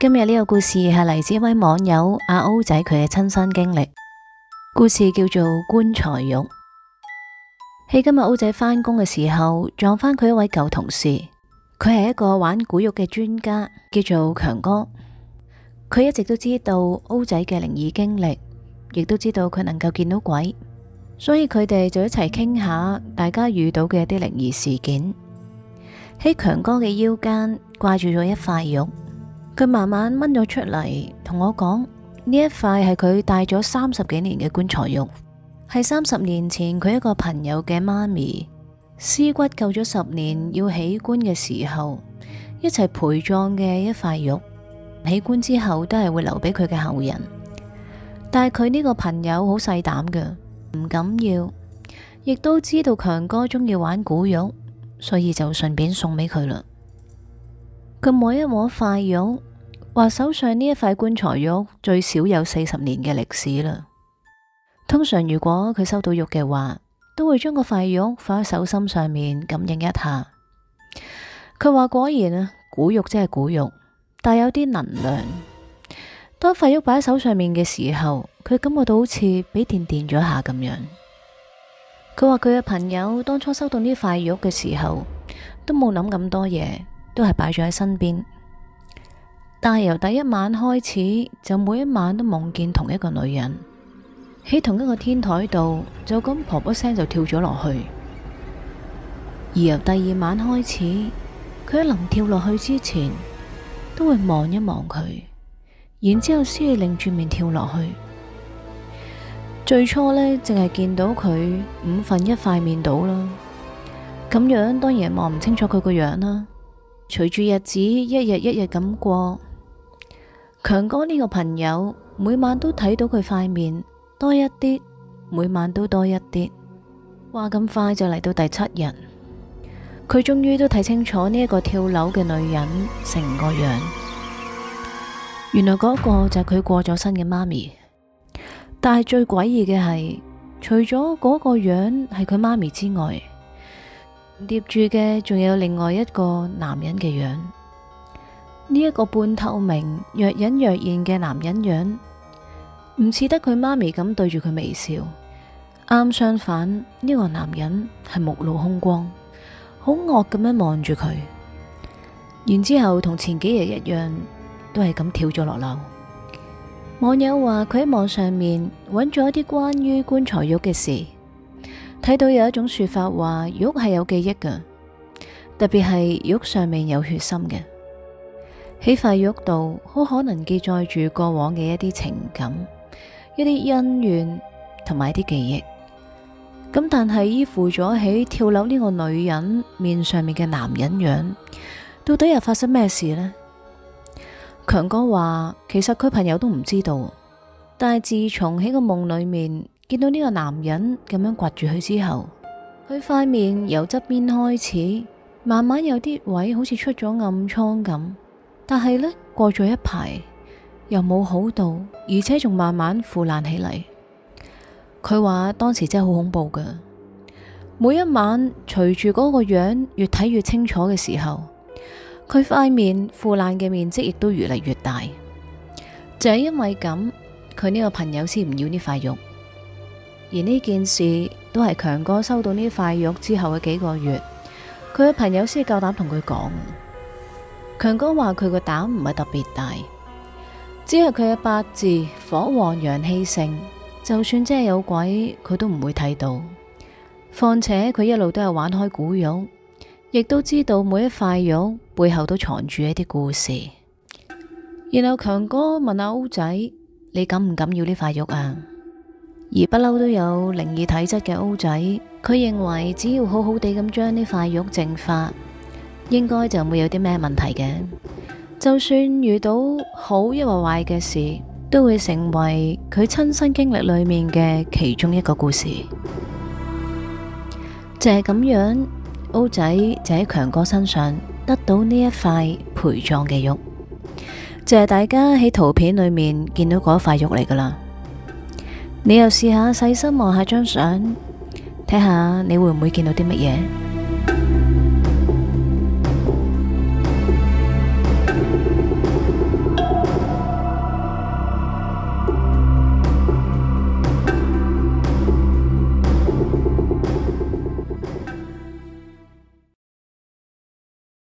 今日呢個故事係嚟自一位網友阿歐仔佢嘅親身經歷。故事叫做《棺材玉》。喺今日歐仔返工嘅時候撞翻佢一位舊同事，佢係一個玩古玉嘅專家，叫做強哥。佢一直都知道歐仔嘅靈異經歷，亦都知道佢能夠見到鬼，所以佢哋就一齊傾下大家遇到嘅啲靈異事件。喺強哥嘅腰間掛住咗一塊玉。佢慢慢掹咗出嚟，同我講，呢一塊係佢戴咗三十幾年嘅棺材玉，係三十年前佢一個朋友嘅媽咪屍骨夠咗十年要起棺嘅時候一齊陪葬嘅一塊玉，起棺之後都係會留畀佢嘅後人，但係佢呢個朋友好細膽嘅，唔敢要，亦都知道強哥鍾意玩古玉，所以就順便送畀佢啦。佢摸一摸塊玉，話手上呢一塊棺材玉最少有四十年嘅歷史啦。通常如果佢收到玉嘅話，都會將個塊玉放喺手心上面感應一下。佢話果然啊，古玉即係古玉，帶有啲能量。當塊玉擺喺手上面嘅時候，佢感覺到好似俾電電咗下咁樣。佢話佢嘅朋友當初收到呢塊玉嘅時候，都冇諗咁多嘢。都係擺咗喺身邊，但係由第一晚開始就每一晚都夢見同一個女人喺同一個天台度，就咁婆婆聲就跳咗落去。而由第二晚開始，佢喺臨跳落去之前都會望一望佢，然之後先至擰住面跳落去。最初呢，淨係見到佢五分一塊面到啦，咁樣當然望唔清楚佢個樣啦。隨住日子一日一日咁過，強哥呢個朋友每晚都睇到佢塊面多一啲，每晚都多一啲。話咁快就嚟到第七日，佢終於都睇清楚呢一個跳樓嘅女人成個樣。原來嗰個就係佢過咗身嘅媽咪。但係最詭異嘅係，除咗嗰個樣係佢媽咪之外。疊住嘅仲有另外一個男人嘅樣，呢、這、一個半透明，若隱若現嘅男人樣，唔似得佢媽咪咁對住佢微笑，啱相反呢、這個男人係目露凶光，好惡咁樣望住佢，然之後同前幾日一樣，都係咁跳咗落樓。網友話佢喺網上面揾咗一啲關於棺材玉嘅事。睇到有一種說法話玉係有記憶嘅，特別係玉上面有血心嘅，喺塊玉度好可能記載住過往嘅一啲情感、一啲恩怨同埋一啲記憶。咁但係依附咗喺跳樓呢個女人面上面嘅男人樣，到底又發生咩事呢？強哥話其實佢朋友都唔知道，但係自從喺個夢裏面。見到呢個男人咁樣掘住佢之後，佢塊面由側邊開始，慢慢有啲位好似出咗暗瘡咁，但係呢，過咗一排又冇好到，而且仲慢慢腐爛起嚟。佢話當時真係好恐怖噶，每一晚隨住嗰個樣越睇越清楚嘅時候，佢塊面腐爛嘅面積亦都越嚟越大，就係因為咁，佢呢個朋友先唔要呢塊肉。而呢件事都係強哥收到呢塊玉之後嘅幾個月，佢嘅朋友先夠膽同佢講。強哥話佢個膽唔係特別大，只係佢嘅八字火旺陽氣盛，就算真係有鬼，佢都唔會睇到。況且佢一路都係玩開古玉，亦都知道每一塊玉背後都藏住一啲故事。然後強哥問阿歐仔：你敢唔敢要呢塊玉啊？而不嬲都有靈異體質嘅歐仔，佢認為只要好好地咁將呢塊玉淨化，應該就冇有啲咩問題嘅。就算遇到好亦或壞嘅事，都會成為佢親身經歷裏面嘅其中一個故事。就係、是、咁樣，歐仔就喺強哥身上得到呢一塊陪葬嘅玉，就係、是、大家喺圖片裏面見到嗰一塊玉嚟噶啦。你又試下細心望下張相，睇下你會唔會見到啲乜嘢？